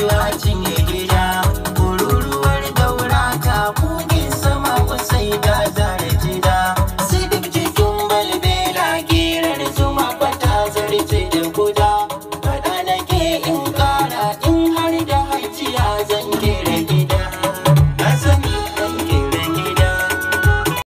you are watching